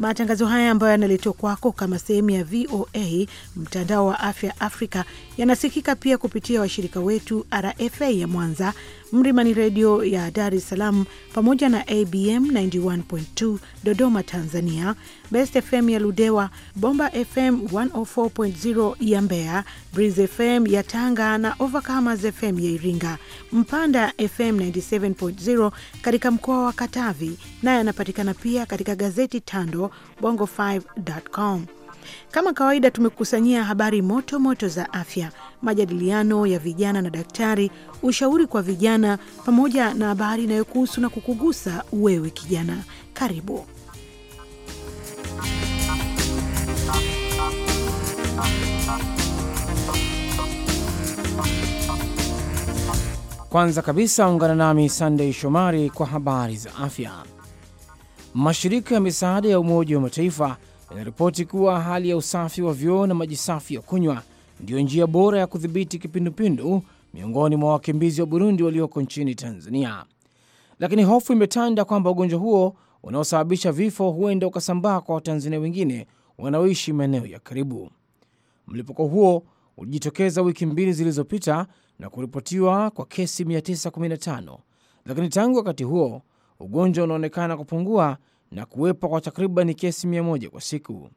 Matangazo haya ambayo yanaletwa kwako kama sehemu ya VOA mtandao wa afya Afrika yanasikika pia kupitia washirika wetu RFA ya Mwanza, Mlimani redio ya Dar es Salaam pamoja na ABM 91.2 Dodoma, Tanzania, Best FM ya Ludewa, Bomba FM 104.0 ya Mbeya, Breeze FM ya Tanga na Overcomers FM ya Iringa, Mpanda FM 97.0 katika mkoa wa Katavi, naye yanapatikana pia katika gazeti Tando Bongo5.com. Kama kawaida tumekusanyia habari moto moto za afya, majadiliano ya vijana na daktari, ushauri kwa vijana, pamoja na habari inayokuhusu na kukugusa wewe kijana. Karibu. Kwanza kabisa ungana nami sandei Shomari kwa habari za afya. Mashirika ya misaada ya Umoja wa Mataifa yanaripoti kuwa hali ya usafi wa vyoo na maji safi ya kunywa ndiyo njia bora ya kudhibiti kipindupindu miongoni mwa wakimbizi wa Burundi walioko nchini Tanzania, lakini hofu imetanda kwamba ugonjwa huo unaosababisha vifo huenda ukasambaa kwa Watanzania wengine wanaoishi maeneo ya karibu. Mlipuko huo ulijitokeza wiki mbili zilizopita na kuripotiwa kwa kesi 915, lakini tangu wakati huo ugonjwa unaonekana kupungua na kuwepo kwa takriban kesi 100 kwa siku.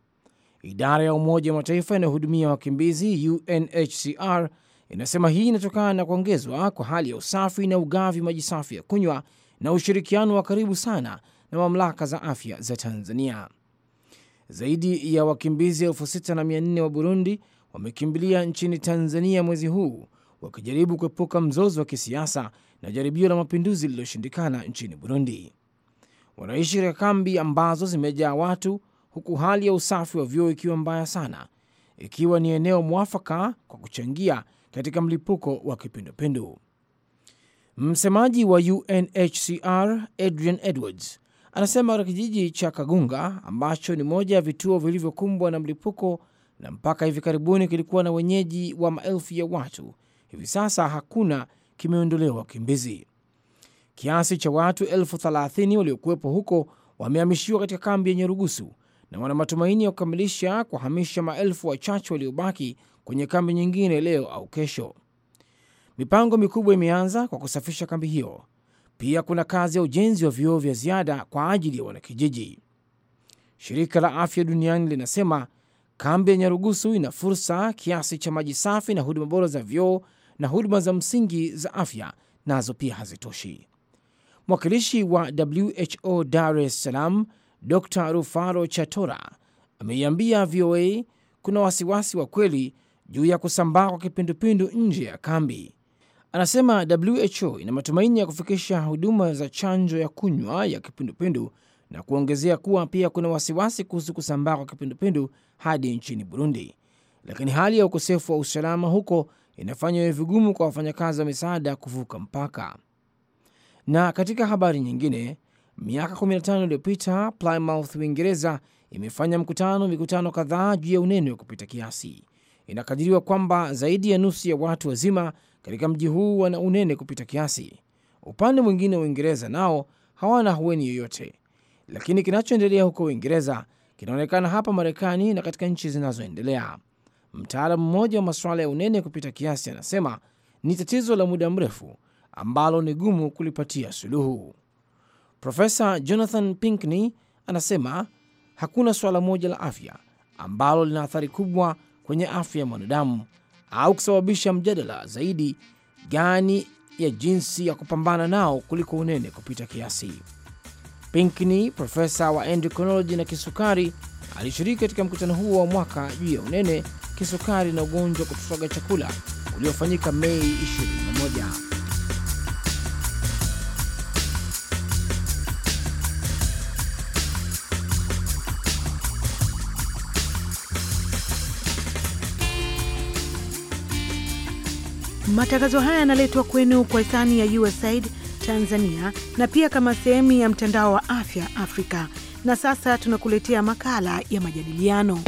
Idara ya Umoja wa Mataifa inayohudumia wakimbizi UNHCR inasema hii inatokana na kuongezwa kwa hali ya usafi na ugavi maji safi ya kunywa na ushirikiano wa karibu sana na mamlaka za afya za Tanzania. Zaidi ya wakimbizi elfu sita na mia nne wa Burundi wamekimbilia nchini Tanzania mwezi huu wakijaribu kuepuka mzozo wa kisiasa na jaribio la mapinduzi lililoshindikana nchini Burundi. Wanaishi katika kambi ambazo zimejaa watu, huku hali ya usafi wa vyoo ikiwa mbaya sana, ikiwa ni eneo mwafaka kwa kuchangia katika mlipuko wa kipindupindu. Msemaji wa UNHCR Adrian Edwards anasema katika kijiji cha Kagunga ambacho ni moja ya vituo vilivyokumbwa na mlipuko na mpaka hivi karibuni kilikuwa na wenyeji wa maelfu ya watu, hivi sasa hakuna kimeondolewa wakimbizi. Kiasi cha watu elfu thelathini waliokuwepo huko wamehamishiwa katika kambi yenye rugusu na wana matumaini ya kukamilisha kuhamisha maelfu wachache waliobaki kwenye kambi nyingine leo au kesho. Mipango mikubwa imeanza kwa kusafisha kambi hiyo. Pia kuna kazi ya ujenzi wa vioo vya ziada kwa ajili ya wanakijiji. Shirika la Afya Duniani linasema kambi ya Nyarugusu ina fursa kiasi cha maji safi na huduma bora za vyoo na huduma za msingi za afya nazo pia hazitoshi. Mwakilishi wa WHO Dar es Salaam, Dr Rufaro Chatora, ameiambia VOA kuna wasiwasi wa kweli juu ya kusambaa kwa kipindupindu nje ya kambi. Anasema WHO ina matumaini ya kufikisha huduma za chanjo ya kunywa ya kipindupindu na kuongezea kuwa pia kuna wasiwasi kuhusu kusambaa kwa kipindupindu hadi nchini Burundi, lakini hali ya ukosefu wa usalama huko inafanya iwe vigumu kwa wafanyakazi wa misaada kuvuka mpaka. Na katika habari nyingine, miaka 15 iliyopita Plymouth, Uingereza imefanya mkutano mikutano kadhaa juu ya unene wa kupita kiasi. Inakadiriwa kwamba zaidi ya nusu ya watu wazima katika mji huu wana unene kupita kiasi. Upande mwingine wa Uingereza nao hawana hueni yoyote, lakini kinachoendelea huko Uingereza kinaonekana hapa Marekani na katika nchi zinazoendelea. Mtaalamu mmoja wa masuala ya unene kupita kiasi anasema ni tatizo la muda mrefu ambalo ni gumu kulipatia suluhu. Profesa Jonathan Pinkney anasema hakuna suala moja la afya ambalo lina athari kubwa kwenye afya ya mwanadamu au kusababisha mjadala zaidi gani ya jinsi ya kupambana nao kuliko unene kupita kiasi. Pinkney, profesa wa endocrinology na kisukari, alishiriki katika mkutano huo wa mwaka juu ya unene kisukari na ugonjwa wa chakula uliofanyika Mei 21. Matangazo haya yanaletwa kwenu kwa hisani ya USAID Tanzania na pia kama sehemu ya mtandao wa afya Afrika. Na sasa tunakuletea makala ya majadiliano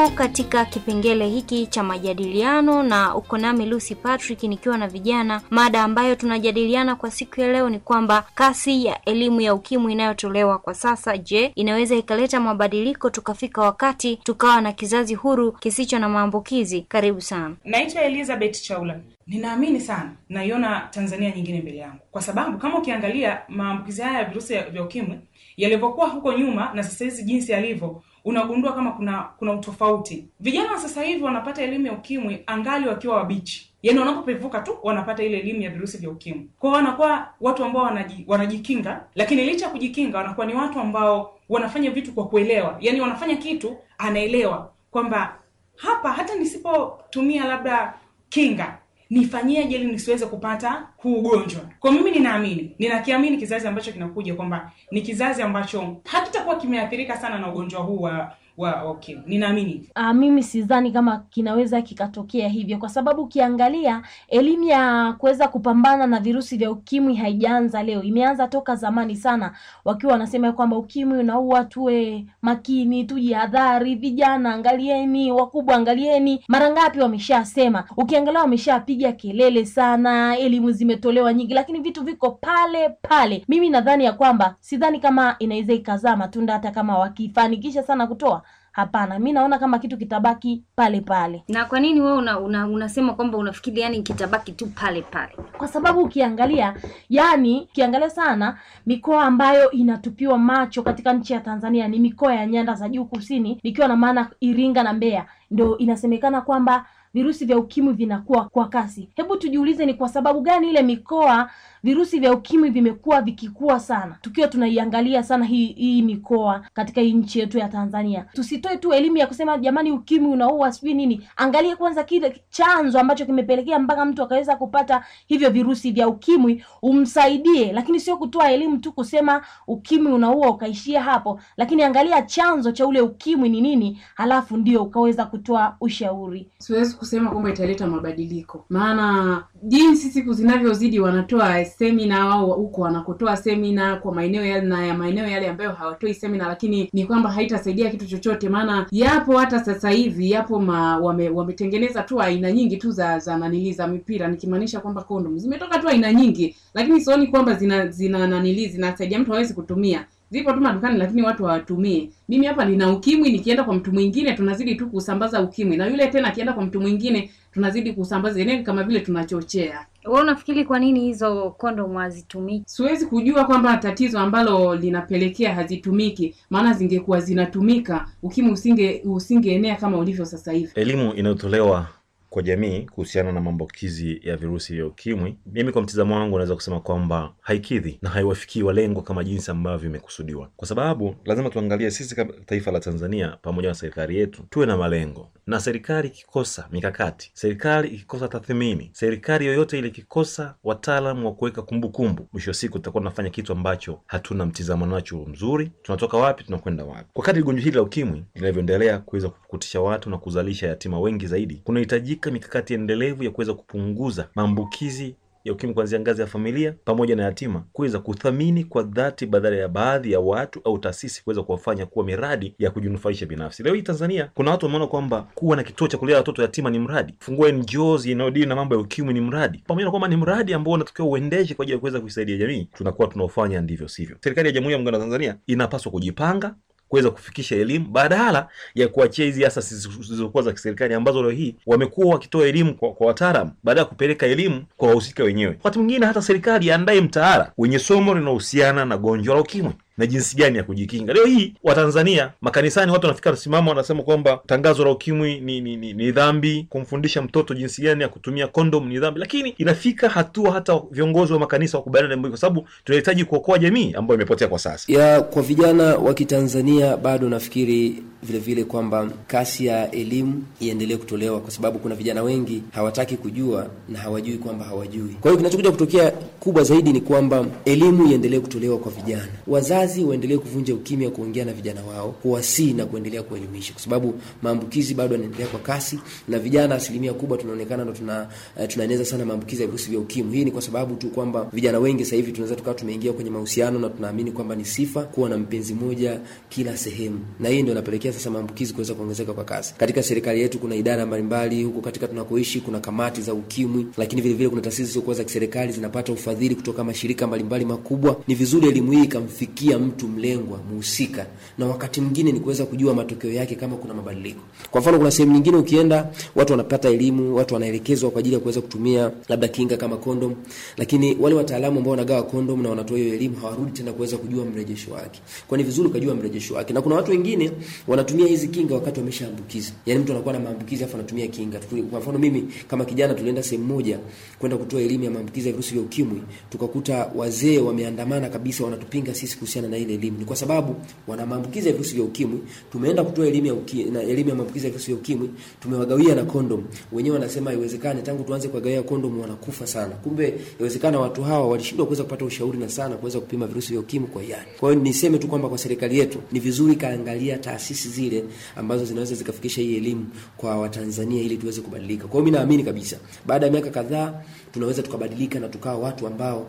Karibu katika kipengele hiki cha majadiliano, na uko nami Lucy Patrick nikiwa na vijana. Mada ambayo tunajadiliana kwa siku ya leo ni kwamba kasi ya elimu ya ukimwi inayotolewa kwa sasa, je, inaweza ikaleta mabadiliko tukafika wakati tukawa na kizazi huru kisicho na maambukizi? Karibu sana. Naitwa Elizabeth Chaula. Ninaamini sana naiona Tanzania nyingine mbele yangu, kwa sababu kama ukiangalia maambukizi haya ya virusi vya ukimwi yalivyokuwa huko nyuma na sasa hizi jinsi yalivyo, unagundua kama kuna kuna utofauti. Vijana sasa hivi wanapata elimu ya ukimwi angali wakiwa wabichi, yaani wanapopevuka tu wanapata ile elimu ya virusi vya ukimwi. Kwa hiyo wanakuwa watu ambao wanaji, wanajikinga, lakini licha ya kujikinga wanakuwa ni watu ambao wanafanya vitu kwa kuelewa, yaani wanafanya kitu anaelewa kwamba hapa hata nisipotumia labda kinga nifanyeje ili nisiweze kupata huu ugonjwa. Kwa mimi ninaamini, ninakiamini kizazi ambacho kinakuja kwamba ni kizazi ambacho hakitakuwa kimeathirika sana na ugonjwa huu wa wa okay, ninaamini uh, mimi sidhani kama kinaweza kikatokea hivyo, kwa sababu ukiangalia elimu ya kuweza kupambana na virusi vya ukimwi haijaanza leo, imeanza toka zamani sana, wakiwa wanasema kwamba ukimwi unaua, tuwe makini, tujihadhari, vijana angalieni, wakubwa angalieni. Mara ngapi wameshasema? Ukiangalia wameshapiga kelele sana, elimu zimetolewa nyingi, lakini vitu viko pale pale. Mimi nadhani ya kwamba sidhani kama inaweza ikazaa matunda, hata kama wakifanikisha sana kutoa Hapana, mi naona kama kitu kitabaki pale pale. Na kwa nini wewe una, una, unasema kwamba unafikiri yani kitabaki tu pale pale? Kwa sababu ukiangalia, yani ukiangalia sana mikoa ambayo inatupiwa macho katika nchi ya Tanzania ni mikoa ya nyanda za juu kusini, nikiwa na maana Iringa na Mbeya, ndio inasemekana kwamba virusi vya ukimwi vinakuwa kwa kasi. Hebu tujiulize, ni kwa sababu gani ile mikoa virusi vya ukimwi vimekuwa vikikua sana, tukiwa tunaiangalia sana hii hii mikoa katika hii nchi yetu ya Tanzania. Tusitoe tu elimu ya kusema jamani, ukimwi unaua sijui nini, angalia kwanza kile chanzo ambacho kimepelekea mpaka mtu akaweza kupata hivyo virusi vya ukimwi, umsaidie, lakini sio kutoa elimu tu kusema ukimwi unaua ukaishia hapo, lakini angalia chanzo cha ule ukimwi ni nini, halafu ndio ukaweza kutoa ushauri. Siwezi kusema kwamba italeta mabadiliko, maana jinsi siku zinavyozidi wanatoa semina wao huko wanakotoa semina kwa maeneo yale na ya maeneo yale ambayo hawatoi semina, lakini ni kwamba haitasaidia kitu chochote. Maana yapo hata sasa hivi yapo ma, wame, wametengeneza tu aina nyingi tu za za nanili za mipira, nikimaanisha kwamba kondomu zimetoka tu aina nyingi, lakini sioni kwamba zina zina nanili zinasaidia mtu hawezi kutumia zipo tu madukani lakini watu hawatumii. Mimi hapa nina ukimwi, nikienda kwa mtu mwingine tunazidi tu kusambaza ukimwi, na yule tena akienda kwa mtu mwingine tunazidi kusambaza, yaani kama vile tunachochea. Wewe unafikiri kwa nini hizo kondomu hazitumiki? Siwezi kujua kwamba tatizo ambalo linapelekea hazitumiki, maana zingekuwa zinatumika ukimwi usinge usingeenea kama ulivyo sasa hivi. Elimu inayotolewa kwa jamii kuhusiana na maambukizi ya virusi vya ukimwi, mimi kwa mtizamo wangu naweza kusema kwamba haikidhi na haiwafikii walengo kama jinsi ambavyo imekusudiwa, kwa sababu lazima tuangalie sisi kama taifa la Tanzania pamoja na serikali yetu tuwe na malengo, na serikali ikikosa mikakati, serikali ikikosa tathmini, serikali yoyote ile ikikosa wataalamu wa kuweka kumbukumbu, mwisho wa siku tutakuwa tunafanya kitu ambacho hatuna mtizamo nacho mzuri. Tunatoka wapi? Tunakwenda wapi? Kwa kadri gonjwa hili la ukimwi linavyoendelea kuweza kukutisha watu na kuzalisha yatima wengi zaidi, kunahitajika katika mikakati endelevu ya kuweza kupunguza maambukizi ya ukimwi kuanzia ngazi ya familia pamoja na yatima, kuweza kuthamini kwa dhati badala ya baadhi ya watu au taasisi kuweza kuwafanya kuwa miradi ya kujinufaisha binafsi. Leo hii Tanzania kuna watu wameona kwamba kuwa na kituo cha kulea watoto yatima ni mradi, fungua NGOs inayodili na mambo ya ukimwi ni mradi, pamoja na kwamba ni mradi ambao unatakiwa uendeshe kwa ajili ya kuweza kuisaidia jamii, tunakuwa tunaofanya ndivyo sivyo. Serikali ya Jamhuri ya Muungano wa Tanzania inapaswa kujipanga kuweza kufikisha elimu badala ya kuachia hizi asasi zilizokuwa za kiserikali ambazo leo hii wamekuwa wakitoa elimu kwa, kwa wataalam badala ya kupeleka elimu kwa wahusika wenyewe. Wakati mwingine hata serikali iandae mtaala wenye somo linahusiana na gonjwa la ukimwi na jinsi gani ya kujikinga. Leo hii Watanzania makanisani, watu wanafika simama, wanasema kwamba tangazo la ukimwi ni, ni, ni, ni dhambi, kumfundisha mtoto jinsi gani ya kutumia kondom ni dhambi, lakini inafika hatua hata viongozi wa makanisa wakubaliana na, kwa sababu tunahitaji kuokoa jamii ambayo imepotea kwa sasa. Ya kwa vijana wa Kitanzania bado nafikiri vile vile kwamba kasi ya elimu iendelee kutolewa, kwa sababu kuna vijana wengi hawataki kujua na hawajui kwamba hawajui. Kwa hiyo kinachokuja kutokea kubwa zaidi ni kwamba elimu iendelee kutolewa kwa vijana wazazi wazazi waendelee kuvunja ukimya, kuongea na vijana wao, kuwasi na kuendelea kuelimisha, kwa sababu maambukizi bado yanaendelea kwa kasi, na vijana asilimia kubwa tunaonekana ndo tuna uh, eh, tunaeneza sana maambukizi ya virusi vya ukimwi. Hii ni kwa sababu tu kwamba vijana wengi sasa hivi tunaweza tukawa tumeingia kwenye mahusiano na tunaamini kwamba ni sifa kuwa na mpenzi mmoja kila sehemu, na hii ndio inapelekea sasa maambukizi kuweza kuongezeka kwa kasi. Katika serikali yetu kuna idara mbalimbali huko katika tunakoishi, kuna kamati za ukimwi, lakini vile vile kuna taasisi zisizokuwa za kiserikali zinapata ufadhili kutoka mashirika mbalimbali makubwa. Ni vizuri elimu hii ikamfikia mtu mlengwa muhusika, na wakati mwingine ni kuweza kujua matokeo yake kama kuna mabadiliko. Kwa mfano, kuna sehemu nyingine ukienda, watu wanapata elimu, watu wanaelekezwa kwa ajili ya kuweza kutumia labda kinga kama kondom, lakini wale wataalamu ambao wanagawa kondom na wanatoa hiyo elimu hawarudi tena kuweza kujua mrejesho wake. Kwa ni vizuri kujua mrejesho wake, na kuna watu wengine wanatumia hizi kinga wakati wameshaambukiza, yani mtu anakuwa na maambukizi afa anatumia kinga. Kwa mfano, mimi kama kijana tulienda sehemu moja kwenda kutoa elimu ya maambukizi ya virusi vya ukimwi, tukakuta wazee wameandamana kabisa, wanatupinga sisi kuhusu kuhusiana na ile elimu ni kwa sababu wana maambukizi ya virusi vya ukimwi. Tumeenda kutoa elimu ya uki, na elimu ya maambukizi ya virusi vya ukimwi, tumewagawia na kondom. Wenyewe wanasema haiwezekani, tangu tuanze kuwagawia kondom wanakufa sana. Kumbe inawezekana watu hawa walishindwa kuweza kupata ushauri na sana kuweza kupima virusi vya ukimwi kwa hiari. Kwa hiyo niseme tu kwamba kwa serikali yetu ni vizuri kaangalia taasisi zile ambazo zinaweza zikafikisha hii elimu kwa Watanzania ili tuweze kubadilika. Kwa hiyo mimi naamini kabisa baada ya miaka kadhaa tunaweza tukabadilika na tukawa watu ambao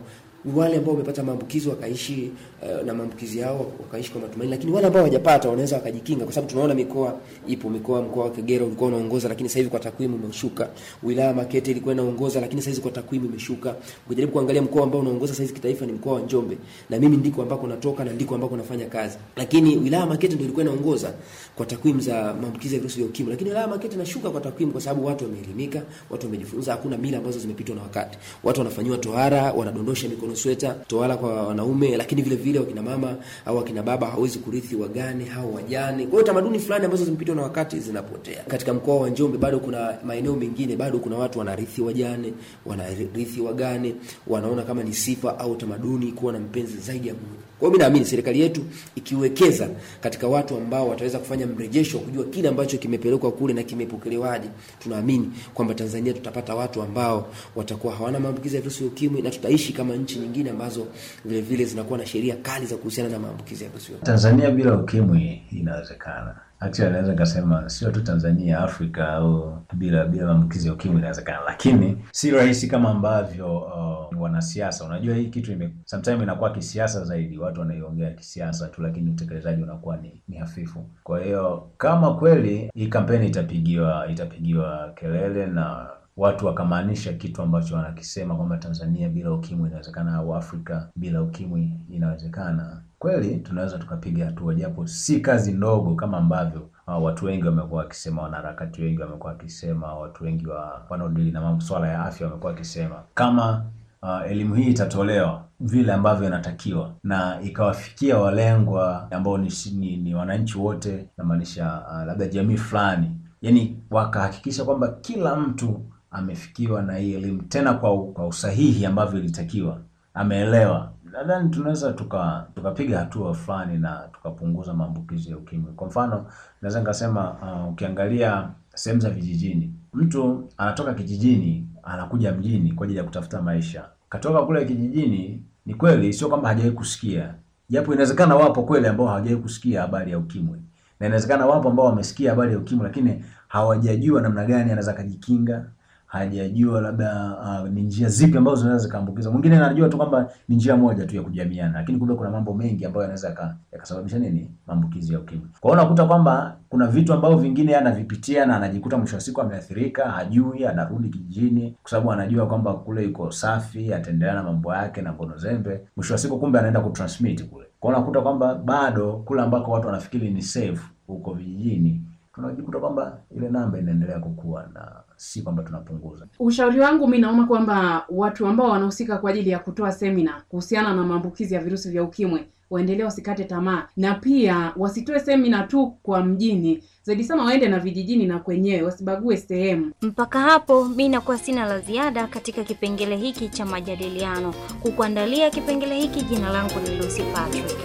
wale ambao wamepata maambukizi wakaishi uh, na maambukizi yao wakaishi kwa matumaini, lakini wale ambao hawajapata wanaweza wakajikinga, kwa sababu tunaona mikoa ipo mikoa, mkoa wa Kagera ulikuwa unaongoza, lakini sasa hivi kwa takwimu umeshuka. Wilaya Makete ilikuwa inaongoza, lakini sasa hivi kwa takwimu imeshuka. Ukijaribu kuangalia mkoa ambao unaongoza sasa hivi kitaifa ni mkoa wa Njombe, na mimi ndiko ambako natoka na ndiko ambako nafanya kazi, lakini wilaya Makete ndio ilikuwa inaongoza kwa takwimu za maambukizi ya virusi vya ukimwi, lakini wilaya Makete inashuka kwa takwimu, kwa sababu watu wameelimika, watu wamejifunza, hakuna mila ambazo zimepitwa na wakati, watu wanafanywa tohara, wanadondosha mikono sweta, towala kwa wanaume, lakini vile vile wakina mama au wakina baba hawezi kurithi wagani au wajane. Kwa hiyo tamaduni fulani ambazo zimepitwa na wakati zinapotea. Katika mkoa wa Njombe bado kuna maeneo mengine, bado kuna watu wanarithi wajane, wanarithi wagane, wanaona kama ni sifa au tamaduni kuwa na mpenzi zaidi ya mmoja. Kwa hiyo mimi naamini serikali yetu ikiwekeza katika watu ambao wataweza kufanya mrejesho wa kujua kile ambacho kimepelekwa kule na kimepokelewaje, tunaamini kwamba Tanzania tutapata watu ambao watakuwa hawana maambukizi ya virusi vya ukimwi na tutaishi kama nchi nyingine ambazo vile vile zinakuwa na sheria kali za kuhusiana na maambukizi ya virusi. Tanzania bila ukimwi inawezekana actually naweza nikasema sio tu Tanzania, Afrika au bila bila maambukizi ya ukimwi inawezekana, lakini si rahisi kama ambavyo uh, wanasiasa. Unajua hii kitu ime sometimes inakuwa kisiasa zaidi, watu wanaiongea kisiasa tu, lakini utekelezaji unakuwa ni, ni hafifu. Kwa hiyo kama kweli hii kampeni itapigiwa itapigiwa kelele na watu wakamaanisha kitu ambacho wanakisema kwamba Tanzania bila ukimwi inawezekana, au Afrika bila ukimwi inawezekana. Kweli tunaweza tukapiga hatua, japo si kazi ndogo kama ambavyo ah, watu wengi wamekuwa wakisema, wanaharakati wengi wamekuwa wakisema, watu wengi wa wanaodili na masuala ya afya wamekuwa wakisema. Kama uh, elimu hii itatolewa vile ambavyo inatakiwa na ikawafikia walengwa ambao ni, ni, ni wananchi wote, namaanisha uh, labda jamii fulani, yani wakahakikisha kwamba kila mtu amefikiwa na hii elimu tena kwa, kwa usahihi ambavyo ilitakiwa, ameelewa. Nadhani tunaweza tukapiga tuka hatua fulani na tukapunguza maambukizi ya ukimwi. Kwa mfano naweza nikasema, uh, ukiangalia sehemu za vijijini, mtu anatoka kijijini anakuja mjini kwa ajili ya kutafuta maisha. Katoka kule kijijini, ni kweli, sio kwamba hajawahi kusikia, japo inawezekana wapo kweli ambao hawajawahi kusikia habari ya ukimwi na inawezekana wapo ambao wamesikia habari ya ukimwi, lakini hawajajua namna gani anaweza akajikinga hajajua labda uh, ni njia zipi ambazo zinaweza zikaambukiza. Mwingine anajua tu kwamba ni njia moja tu ya kujamiana, lakini kumbe kuna mambo mengi ambayo yanaweza yakasababisha ya nini, maambukizi ya ukimwi. Kwa hiyo unakuta kwamba kuna vitu ambavyo vingine anavipitia na anajikuta mwisho wa siku ameathirika, hajui, anarudi kijijini kwa sababu anajua kwamba kule iko safi, ataendelea na mambo yake na ngono zembe, mwisho wa siku kumbe anaenda kutransmit kule. Kwa hiyo unakuta kwamba bado kule ambako watu wanafikiri ni safe huko vijijini, tunajikuta kwamba ile namba inaendelea kukua na si kwamba tunapunguza. Ushauri wangu mi naona kwamba watu ambao wanahusika kwa ajili ya kutoa semina kuhusiana na maambukizi ya virusi vya ukimwi waendelee, wasikate tamaa, na pia wasitoe semina tu kwa mjini, zaidi sana waende na vijijini na kwenyewe wasibague sehemu. Mpaka hapo mi nakuwa sina la ziada katika kipengele hiki cha majadiliano. Kukuandalia kipengele hiki, jina langu ni Lucy Patrick.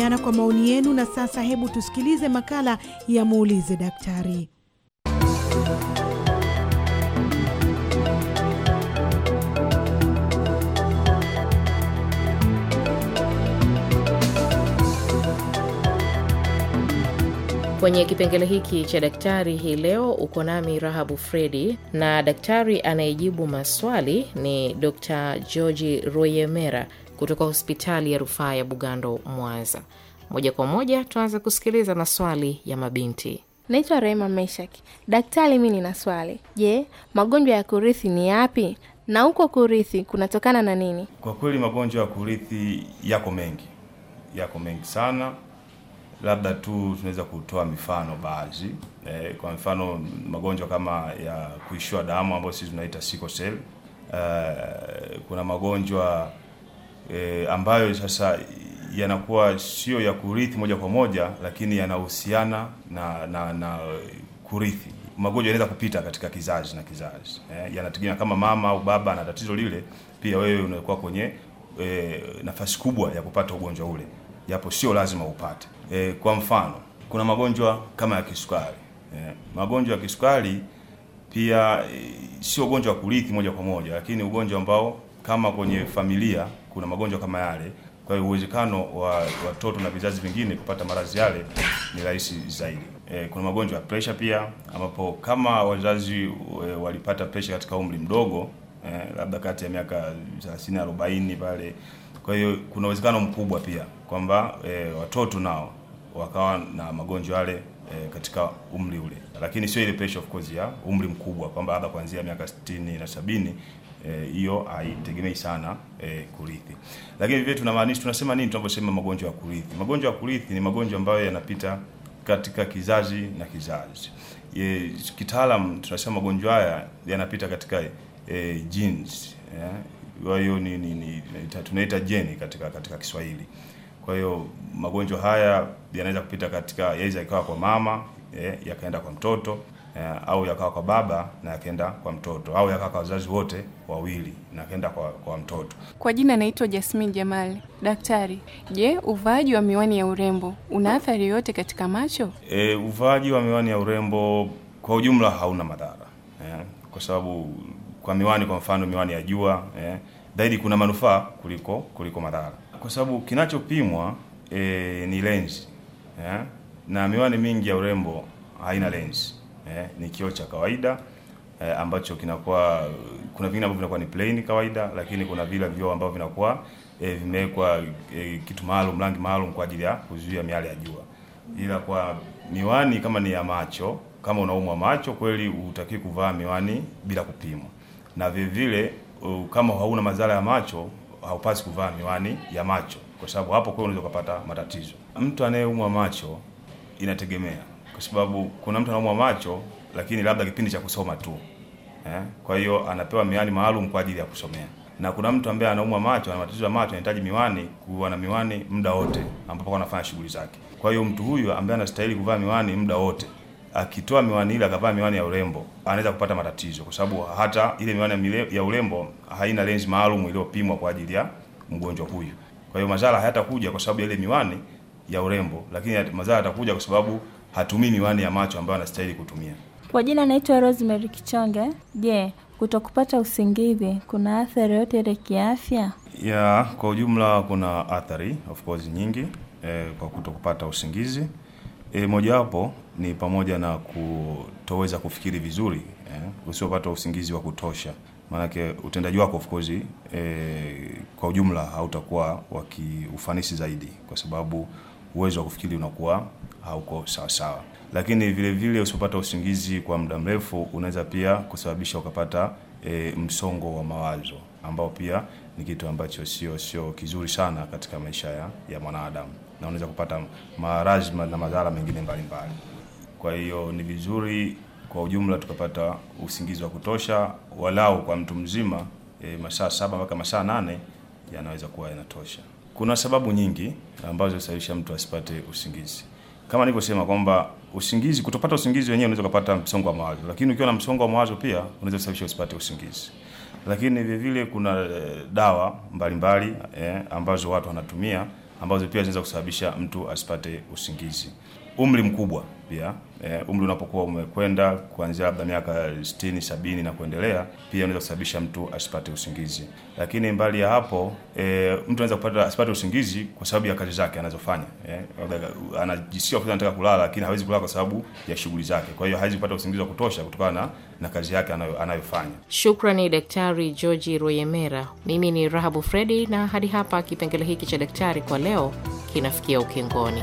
vijana kwa maoni yenu. Na sasa hebu tusikilize makala ya muulize daktari. Kwenye kipengele hiki cha daktari hii leo uko nami Rahabu Fredi, na daktari anayejibu maswali ni Dr Georgi Royemera kutoka hospitali ya rufaa ya Bugando, Mwanza. Moja kwa moja tuanze kusikiliza maswali ya mabinti. Naitwa Rehema Meshak. Daktari, mi nina swali. Je, magonjwa ya kurithi ni yapi na huko kurithi kunatokana na nini? Kwa kweli magonjwa ya kurithi yako mengi, yako mengi sana, labda tu tunaweza kutoa mifano baadhi e, kwa mfano magonjwa kama ya kuishiwa damu ambayo sisi tunaita sickle cell. Eh, kuna magonjwa e, ambayo sasa yanakuwa sio ya kurithi moja kwa moja, lakini yanahusiana na, na, na kurithi. Magonjwa yanaweza kupita katika kizazi na kizazi e, yanategemea kama mama au baba ana tatizo lile, pia wewe unakuwa kwenye e, nafasi kubwa ya kupata ugonjwa ule, japo sio lazima upate. E, kwa mfano kuna magonjwa kama ya kisukari e, magonjwa ya kisukari pia e, sio ugonjwa wa kurithi moja kwa moja, lakini ugonjwa ambao kama kwenye familia kuna magonjwa kama yale. Kwa hiyo uwezekano wa watoto na vizazi vingine kupata maradhi yale ni rahisi zaidi. E, kuna magonjwa ya presha pia ambapo kama wazazi e, walipata presha katika umri mdogo e, labda kati ya miaka 30 40 pale, kwa hiyo kuna uwezekano mkubwa pia kwamba e, watoto nao wakawa na magonjwa yale e, katika umri ule, lakini sio ile pressure of course ya umri mkubwa kwamba labda kuanzia miaka 60 na sabini Eh, hiyo e, haitegemei sana e, kurithi. Lakini vile tunamaanisha tunasema nini tunaposema magonjwa ya kurithi? Magonjwa ya kurithi ni magonjwa ambayo yanapita katika kizazi na kizazi. E, kitaalam tunasema magonjwa haya yanapita katika e, genes. Kwa hiyo ni, ni, ni tunaita jeni katika katika Kiswahili. Kwa hiyo magonjwa haya yanaweza kupita katika yaweza ikawa kwa mama, e, yakaenda kwa mtoto eh, au yakawa kwa baba na yakaenda kwa mtoto au yakawa kwa wazazi wote wawili na yakaenda kwa, kwa mtoto. Kwa jina naitwa Jasmine Jamali. Daktari, je, uvaaji wa miwani ya urembo una athari yoyote katika macho? Eh, uvaaji wa miwani ya urembo kwa ujumla hauna madhara eh, kwa sababu kwa miwani kwa mfano miwani ya jua eh, zaidi kuna manufaa kuliko kuliko madhara, kwa sababu kinachopimwa eh, ni lenzi eh, na miwani mingi ya urembo haina lenzi eh, ni kioo cha kawaida eh, ambacho kinakuwa kuna vingine ambavyo vinakuwa ni plain kawaida, lakini kuna vile vioo ambavyo vinakuwa eh, vimewekwa eh, kitu maalum rangi maalum kwa ajili ya kuzuia miale ya jua. Ila kwa miwani kama ni ya macho, kama unaumwa macho kweli, utaki kuvaa miwani bila kupimwa, na vile vile uh, kama hauna madhara ya macho haupasi kuvaa miwani ya macho, kwa sababu hapo kwa unaweza kupata matatizo. Mtu anayeumwa macho inategemea kwa sababu kuna mtu anaumwa macho lakini labda kipindi cha kusoma tu eh. Kwa hiyo anapewa miwani maalum kwa ajili ya kusomea, na kuna mtu ambaye anaumwa macho, ana matatizo ya macho, anahitaji miwani, kuwa na miwani muda wote ambapo anafanya shughuli zake. Kwa hiyo mtu huyu ambaye anastahili kuvaa miwani muda wote akitoa miwani ile akavaa miwani ya urembo anaweza kupata matatizo, kwa sababu hata ile miwani ya urembo haina lenzi maalum iliyopimwa kwa ajili ya mgonjwa huyu. Kwa hiyo madhara hayatakuja kwa sababu ya ile miwani ya urembo, lakini madhara yatakuja kwa sababu hatumii miwani ya macho ambayo anastahili kutumia. Kwa jina naitwa Rosemary Kichonge. Je, kutokupata usingizi kuna athari yote ile kiafya? Ya, kwa ujumla kuna athari of course nyingi e, kwa kutokupata usingizi e, mojawapo ni pamoja na kutoweza kufikiri vizuri e, usiopata usingizi wa kutosha maanake utendaji wako of course e, kwa ujumla hautakuwa wa kiufanisi zaidi, kwa sababu uwezo wa kufikiri unakuwa hauko sawasawa. Lakini vile vile usipopata usingizi kwa muda mrefu unaweza pia kusababisha ukapata e, msongo wa mawazo ambao pia ni kitu ambacho sio sio kizuri sana katika maisha ya, ya mwanadamu na unaweza kupata maradhi na madhara mengine mbalimbali. Kwa hiyo ni vizuri kwa ujumla tukapata usingizi wa kutosha walau kwa mtu mzima e, masaa saba mpaka masaa nane yanaweza kuwa yanatosha. Kuna sababu nyingi ambazo husababisha mtu asipate usingizi kama nilivyosema kwamba usingizi, kutopata usingizi wenyewe unaweza kupata msongo wa mawazo, lakini ukiwa na msongo wa mawazo pia unaweza kusababisha usipate usingizi. Lakini vile vile kuna eh, dawa mbalimbali mbali, eh, ambazo watu wanatumia ambazo pia zinaweza kusababisha mtu asipate usingizi umri mkubwa pia e, umri unapokuwa umekwenda kuanzia labda miaka 60 70 na kuendelea, pia unaweza kusababisha mtu asipate usingizi. Lakini mbali ya hapo e, mtu anaweza kupata asipate usingizi kwa sababu ya kazi zake anazofanya e, eh, anajisikia kwamba anataka kulala, lakini hawezi kulala kwa sababu ya shughuli zake. Kwa hiyo hawezi kupata usingizi wa kutosha kutokana na, na kazi yake anayo, anayofanya. Shukrani Daktari George Royemera. Mimi ni Rahabu Fredi, na hadi hapa kipengele hiki cha daktari kwa leo kinafikia ukingoni.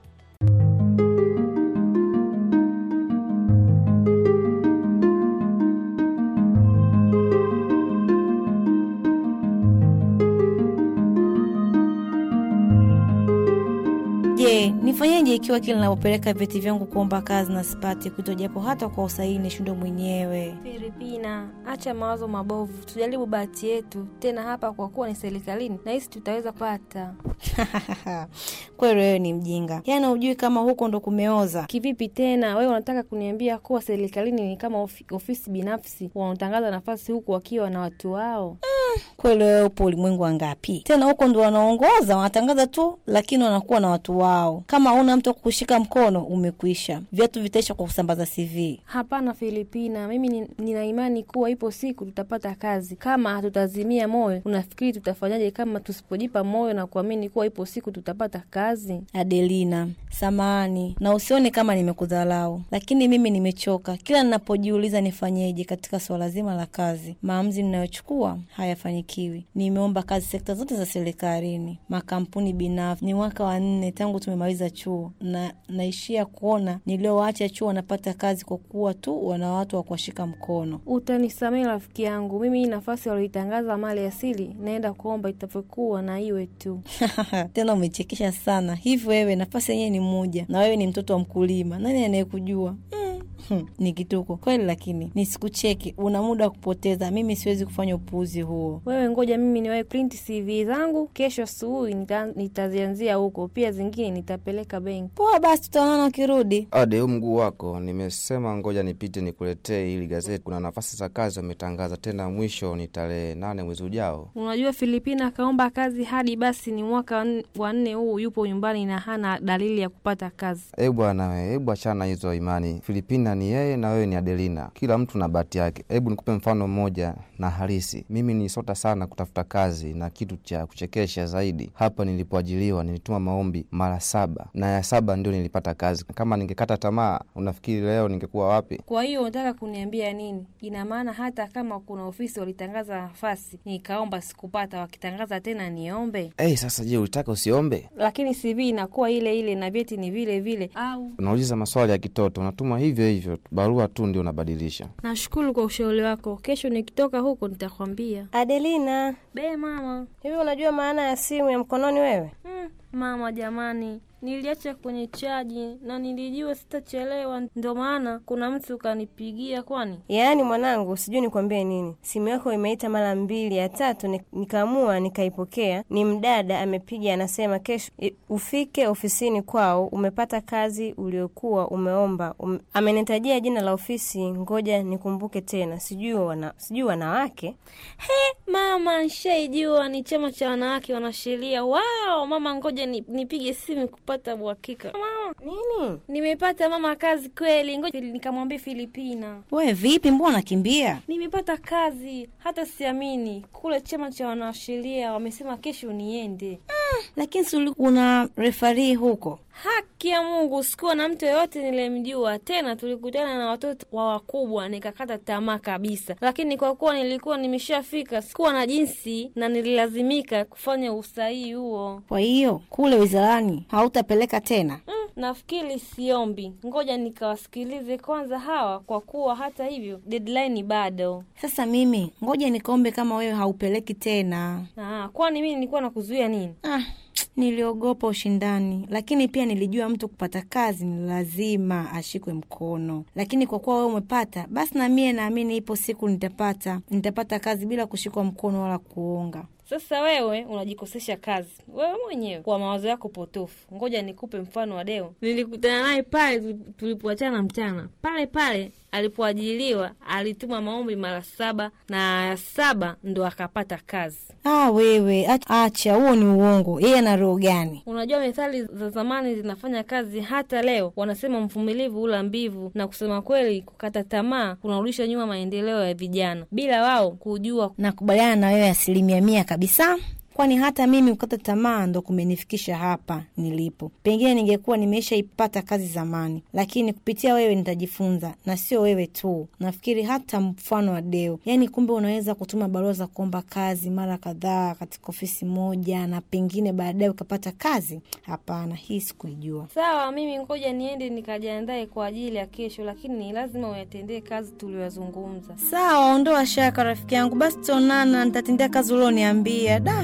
nafanyaje ikiwa kila ninapopeleka vyeti vyangu kuomba kazi na sipati kuitwa japo hata kwa usahihi nishindo mwenyewe? Filipina, acha mawazo mabovu, tujaribu bahati yetu tena hapa, kwa kuwa ni serikalini na hisi tutaweza pata. Kweli wewe ni mjinga, yaani hujui kama huko ndo kumeoza. Kivipi tena? Wewe unataka kuniambia kuwa serikalini ni kama ofisi binafsi, wanatangaza nafasi huku wakiwa na watu wao kweli upo ulimwengu wangapi tena? Huko ndo wanaongoza, wanatangaza tu, lakini wanakuwa na watu wao. Kama una mtu wa kukushika mkono, umekwisha. Viatu vitaisha kwa kusambaza CV. Hapana Filipina, mimi nina imani kuwa ipo siku tutapata kazi kama hatutazimia moyo. Unafikiri tutafanyaje kama tusipojipa moyo na kuamini kuwa ipo siku tutapata kazi? Adelina, samani na usione kama nimekudhalau, lakini mimi nimechoka. Kila ninapojiuliza nifanyeje katika swala zima la kazi, maamuzi ninayochukua haya hafanikiwi. Nimeomba kazi sekta zote za serikalini, makampuni binafsi. Ni mwaka wa nne tangu tumemaliza chuo na naishia kuona niliowaacha chuo wanapata kazi kwa kuwa tu wana watu wa kuwashika mkono. Utanisamehe rafiki yangu, mimi hii nafasi walioitangaza mali asili naenda kuomba itavyokuwa na iwe tu. Tena umechekesha sana. Hivi wewe nafasi yenyewe ni moja na wewe ni mtoto wa mkulima, nani anayekujua? Hmm, hmm, ni kituko kweli, lakini nisikucheki, una muda wa kupoteza. Mimi siwezi kufanya upuuzi huo. Wewe ngoja mimi niwahi print CV zangu kesho asubuhi, nitazianzia huko, pia zingine nitapeleka benki. Poa basi, tutaonana ukirudi. Ade, huu mguu wako nimesema, ngoja nipite nikuletee hili gazeti. Kuna nafasi za kazi wametangaza tena, mwisho ni tarehe nane mwezi ujao. Unajua Filipina akaomba kazi hadi basi ni mwaka wa nne huu, yupo nyumbani na hana dalili ya kupata kazi. E bwana eh, hebu achana hizo imani. Filipina ni yeye na wewe ni Adelina. Kila mtu na bahati yake. Hebu nikupe mfano mmoja na halisi. Mimi ni sota sana kutafuta kazi, na kitu cha kuchekesha zaidi, hapa nilipoajiliwa nilituma maombi mara saba na ya saba ndio nilipata kazi. Kama ningekata tamaa, unafikiri leo ningekuwa wapi? Kwa hiyo unataka kuniambia nini? Ina maana hata kama kuna ofisi walitangaza nafasi nikaomba, sikupata, wakitangaza tena niombe? Hey, eh, sasa je, ulitaka usiombe? Lakini CV inakuwa ile ile na vyeti ni vile vile, au unauliza maswali ya kitoto, unatuma hivyo hivyo hivyo, barua tu ndio unabadilisha. Nashukuru kwa ushauri wako, kesho nikitoka huko nitakwambia. Adelina be mama, hivi unajua maana ya simu ya mkononi wewe? Mm, mama jamani, niliacha kwenye chaji na nilijua sitachelewa, ndio maana kuna mtu kanipigia. Kwani yaani, mwanangu, sijui nikwambie nini, simu yako imeita mara mbili ya tatu, nikaamua nikaipokea. Ni mdada amepiga, anasema kesho ufike ofisini kwao, umepata kazi uliokuwa umeomba um... amenitajia jina la ofisi, ngoja nikumbuke tena, sijui wana... sijui wanawake. He mama, nshaijua ni chama cha wanawake wanasheria. Wao mama, ngoja nipige simu kupa kupata uhakika. Mama nini, nimepata mama kazi kweli. Ngoja nikamwambia Filipina. We vipi, mbona anakimbia Nimepata kazi, hata siamini. Kule chama cha wanasheria wamesema kesho niende lakini si kuna refari huko? Haki ya Mungu, sikuwa na mtu yoyote nilimjua tena. Tulikutana na watoto wa wakubwa, nikakata tamaa kabisa, lakini kwa kuwa nilikuwa nimeshafika, sikuwa na jinsi na nililazimika kufanya usahihi huo. Kwa hiyo kule wizarani hautapeleka tena? Mm, nafikiri siombi, ngoja nikawasikilize kwanza hawa, kwa kuwa hata hivyo deadline bado. Sasa mimi ngoja nikaombe kama wewe haupeleki tena. Ah, kwani mii nilikuwa nakuzuia nini? Ah, niliogopa ushindani, lakini pia nilijua mtu kupata kazi ni lazima ashikwe mkono. Lakini kwa kuwa wewe umepata, basi na mie naamini ipo siku nitapata, nitapata kazi bila kushikwa mkono wala kuonga. Sasa wewe unajikosesha kazi wewe mwenyewe kwa mawazo yako potofu. Ngoja nikupe mfano wa Deo. Nilikutana naye pale tulipoachana mchana, pale pale alipoajiliwa alituma maombi mara saba na ya saba ndo akapata kazi. Ah, wewe acha, huo ni uongo. Yeye ana roho gani? Unajua, methali za zamani zinafanya kazi hata leo. Wanasema mvumilivu hula mbivu, na kusema kweli, kukata tamaa kunarudisha nyuma maendeleo ya vijana bila wao kujua. Nakubaliana na wewe asilimia mia kabisa kwani hata mimi kukata tamaa ndo kumenifikisha hapa nilipo. Pengine ningekuwa nimeshaipata kazi zamani, lakini kupitia wewe nitajifunza, na sio wewe tu. Nafikiri hata mfano wa Deo, yaani kumbe unaweza kutuma barua za kuomba kazi mara kadhaa katika ofisi moja na pengine baadaye ukapata kazi. Hapana, hii sikuijua. Sawa, mimi ngoja niende nikajiandae kwa ajili ya kesho, lakini ni lazima uyatendee kazi tuliyozungumza. Sawa, ondoa shaka rafiki yangu. Basi tonana, nitatendea kazi ulioniambia da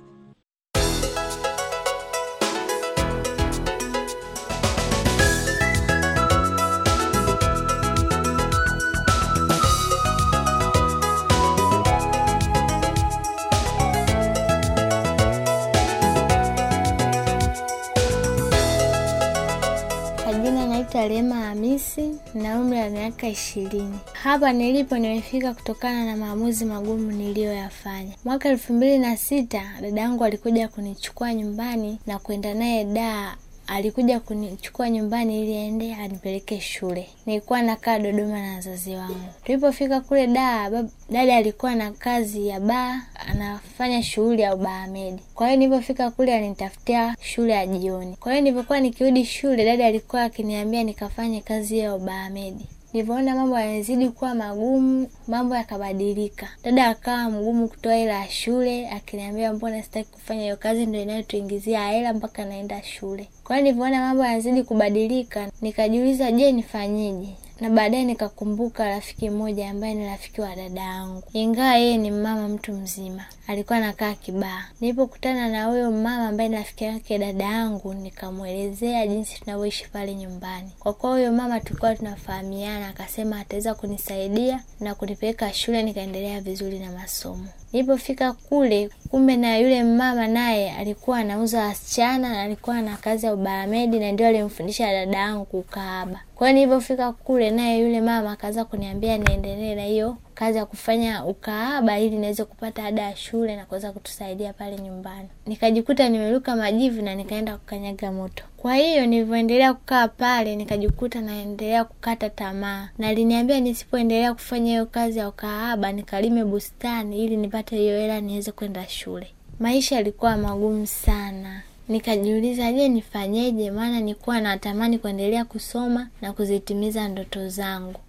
naitwa Lema Hamisi na umri wa miaka ishirini. Hapa nilipo nimefika kutokana na maamuzi magumu niliyoyafanya. Mwaka elfu mbili na sita dada yangu alikuja kunichukua nyumbani na kwenda naye daa alikuja kunichukua nyumbani ili aende anipeleke shule. Nilikuwa nakaa Dodoma na wazazi wangu. Tulipofika kule daa, dada alikuwa na kazi ya baa, anafanya shughuli ya ubahamedi. Kwa hiyo nilipofika kule alinitafutia shule ya jioni. Kwa hiyo nilivyokuwa nikirudi shule, dada alikuwa akiniambia nikafanye kazi ya ubahamedi. Nilivyoona mambo yanazidi kuwa magumu, mambo yakabadilika. Dada akawa mgumu kutoa hela ya shule, akiniambia mbona sitaki kufanya hiyo kazi, ndio inayotuingizia hela mpaka naenda shule. Kwa hiyo nilivyoona mambo yanazidi kubadilika, nikajiuliza, je, nifanyeje? na baadaye nikakumbuka rafiki mmoja ambaye ni rafiki wa dada yangu, ingawa yeye ni mama mtu mzima, alikuwa anakaa kibaa Nilipokutana na huyo mama ambaye ni rafiki yake dada yangu, nikamwelezea jinsi tunavyoishi pale nyumbani. Kwa kuwa huyo mama tulikuwa tunafahamiana, akasema ataweza kunisaidia na kunipeleka shule nikaendelea vizuri na masomo. Nilipofika kule, kumbe na yule mama naye alikuwa anauza wasichana na alikuwa na kazi ya ubaramedi, na ndio alimfundisha dada yangu kukaaba. Kwa hiyo nilipofika kule, naye yule mama akaanza kuniambia niendelee na hiyo kazi ya kufanya ukahaba ili niweze kupata ada ya shule na kuweza kutusaidia pale nyumbani. Nikajikuta nimeruka majivu na nikaenda kukanyaga moto. Kwa hiyo nilivyoendelea kukaa pale, nikajikuta naendelea kukata tamaa, na liniambia nisipoendelea kufanya hiyo kazi ya ukahaba nikalime bustani ili nipate hiyo hela niweze kwenda shule. Maisha yalikuwa magumu sana. Nikajiuliza, je, nifanyeje? Maana nikuwa natamani kuendelea kusoma na kuzitimiza ndoto zangu.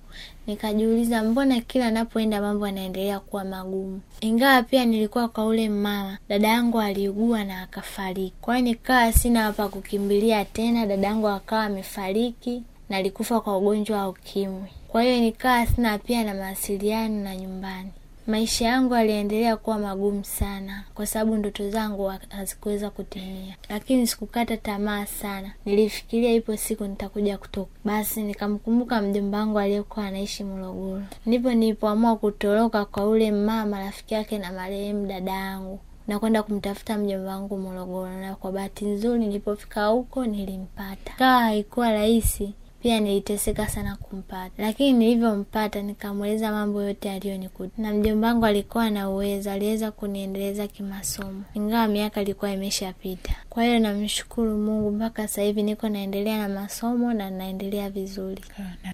Nikajiuliza mbona kila napoenda mambo yanaendelea kuwa magumu. Ingawa pia nilikuwa kwa ule mama, dada yangu aliugua na akafariki. Kwa hiyo nikawa sina pa kukimbilia tena, dada yangu akawa amefariki na alikufa kwa ugonjwa wa ukimwi. Kwa hiyo nikawa sina pia na mawasiliano na nyumbani. Maisha yangu aliendelea kuwa magumu sana, kwa sababu ndoto zangu hazikuweza kutimia, lakini sikukata tamaa sana. Nilifikiria ipo siku nitakuja kutoka. Basi nikamkumbuka mjomba wangu aliyekuwa anaishi Morogoro, ndipo nilipoamua kutoroka kwa ule mama rafiki yake na marehemu dada yangu na kwenda kumtafuta mjomba wangu Morogoro, na kwa bahati nzuri nilipofika huko nilimpata. Kawa haikuwa rahisi, pia niliteseka sana kumpata, lakini nilivyompata nikamweleza mambo yote aliyonikuta, na mjomba wangu alikuwa na uwezo, aliweza kuniendeleza kimasomo, ingawa miaka ilikuwa imeshapita. Kwa hiyo namshukuru Mungu, mpaka sasa hivi niko naendelea na masomo na naendelea vizuri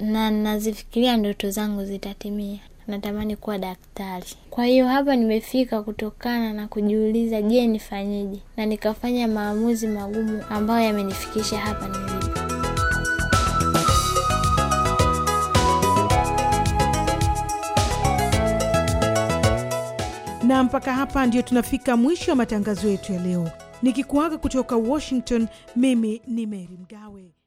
na nazifikiria ndoto zangu zitatimia. Natamani kuwa daktari. Kwa hiyo hapa nimefika kutokana na kujiuliza, je, nifanyije Na nikafanya maamuzi magumu ambayo yamenifikisha hapa nilipo. na mpaka hapa ndiyo tunafika mwisho wa matangazo yetu ya leo, nikikuaga kutoka Washington. Mimi ni mery Mgawe.